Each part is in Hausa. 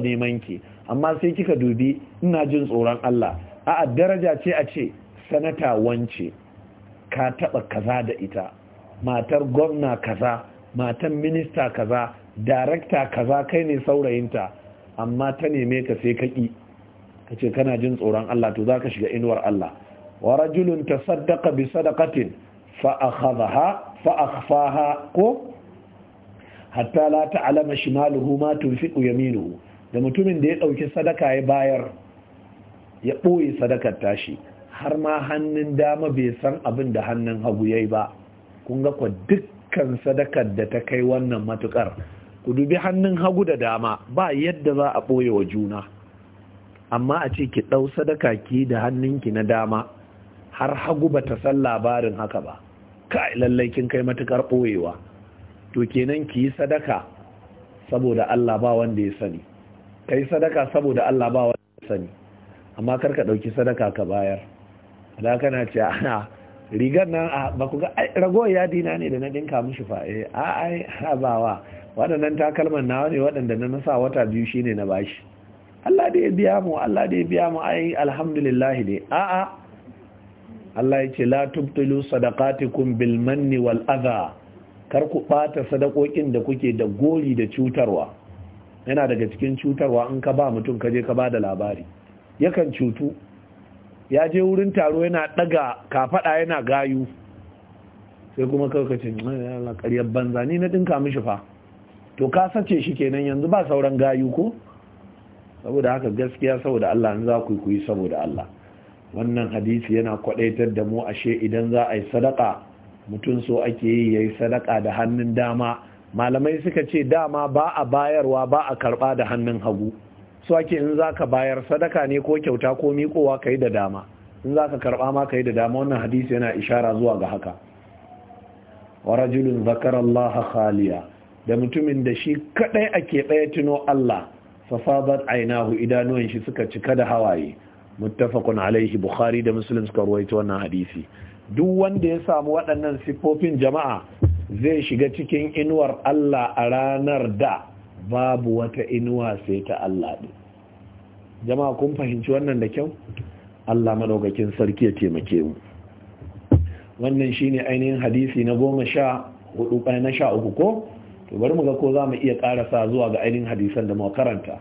neman ki amma sai kika dubi ina jin tsoron Allah a daraja ce a ce sanata wance ka taba kaza da ita matar gwamna kaza matan minista kaza darakta kaza kai ne saurayinta amma ta neme ka sai ka ki kace kana jin tsoron Allah to zaka shiga inuwar Allah wa rajulun tasaddaqa bi sadaqatin fa akhadha fa akhfaha ko hatta la ta'lama shimaluhu ma tunfiqu yaminuhu da mutumin da ya ɗauki sadaka ya bayar ya ɓoye sadakar tashi har ma hannun dama bai san abin da hannun hagu ya yi ba kun ga kwa dukkan sadakar da ta kai wannan matukar ku dubi hannun hagu da dama ba yadda za a ɓoye wa juna amma a ce ki ɗau sadaka ki da hannunki na dama har hagu ba ta san labarin haka ba kai lallai kin kai matukar ɓoyewa to kenan ki yi sadaka saboda Allah ba wanda ya sani ka yi sadaka saboda Allah ba wani sani amma kar ka ɗauki sadaka ka bayar da kana ce ana rigar nan a baku ga ragowar dina ne da na ɗinka mushi fa eh, a ai habawa waɗannan takalman nawa ne waɗanda na nasa wata biyu shine na bashi Allah da ya biya mu Allah da ya biya mu ai alhamdulillah dai a a Allah ya ce la tubtilu sadaqatikum bil manni wal adha kar ku bata sadakokin da kuke da gori da cutarwa yana daga cikin cutarwa in ka ba mutum ka je ka ba da labari yakan cutu ya je wurin taro yana daga kafaɗa yana gayu sai kuma yana karyar banza ni na dinka mishi fa to ka sace shi kenan yanzu ba sauran gayu ko saboda haka gaskiya saboda Allah za ku yi saboda Allah wannan hadisi yana kwadaitar da mu ashe idan za a yi sadaka mutum so ake yi yayi sadaka da hannun dama malamai suka ce dama ba a bayarwa ba a karɓa da hannun hagu su ake in za ka bayar sadaka ne ko kyauta ko miƙowa ka yi da dama in za ka karba ma ka yi da dama wannan hadisi yana ishara zuwa ga haka wa rajulun zakar allaha khaliya da mutumin da shi kadai ake ɗaya tuno Allah fasabat ainahu idanuwan shi suka cika da hawaye muttafaqun alaihi bukhari da muslim suka ruwaito wannan hadisi duk wanda ya samu waɗannan siffofin jama'a zai shiga cikin inuwar Allah a ranar da babu wata inuwa sai ta Allah ɗin jama'a kun fahimci wannan da kyau Allah madaukakin sarki ya taimake mu wannan shi ne ainihin hadisi na goma sha hudu eh, na sha uku ko to bari mu ga ko za mu iya ƙarasa zuwa ga ainihin hadisan da mu karanta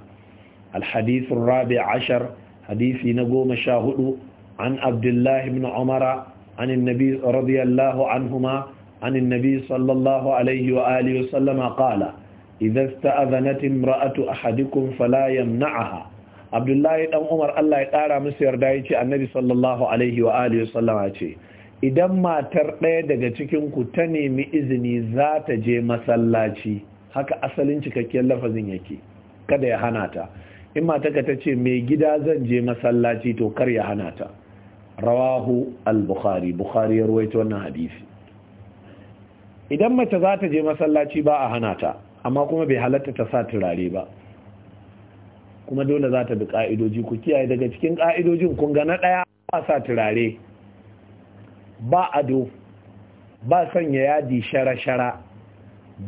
Alhadisun rabi hadisi na na sha sha hudu an Abdullahi عمر Umara an رضي radiyallahu anhuma. عن النبي صلى الله عليه وآله وسلم قال إذا استأذنت امرأة أحدكم فلا يمنعها عبد الله بن عمر الله يقارى مسير دايتي النبي صلى الله عليه وآله وسلم idan matar ɗaya daga cikinku ta nemi izini za ta je masallaci haka asalin cikakken lafazin yake kada ya hana ta in mataka ta ce mai gida zan je masallaci to kar ya hana ta rawahu al-bukhari bukhari ya ruwaito wannan hadisi idan mace za ta je masallaci ba a hana ta amma kuma bai halatta ta sa turare ba kuma dole za ta bi ka'idoji ku kiyaye daga cikin ka'idojin kun ga na ɗaya ba sa turare ba ado ba sanya yadi shara-shara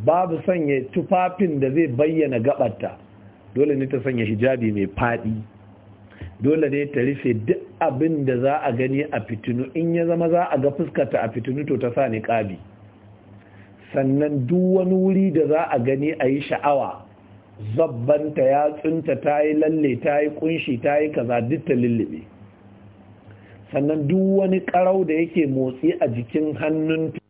babu sanya tufafin da zai bayyana gabata, dole ne ta sanya hijabi mai faɗi dole ne ta rufe duk abin da za a gani a fitinu in ya zama za a ga fuskarta a fitinu to ta sa ni niƙabi sannan duk wani wuri da za a gani a yi sha'awa zabbanta ya tsunta ta yi lalle ta yi kunshi ta yi kaza duk ta lullube sannan duk wani karau da yake motsi a jikin hannunta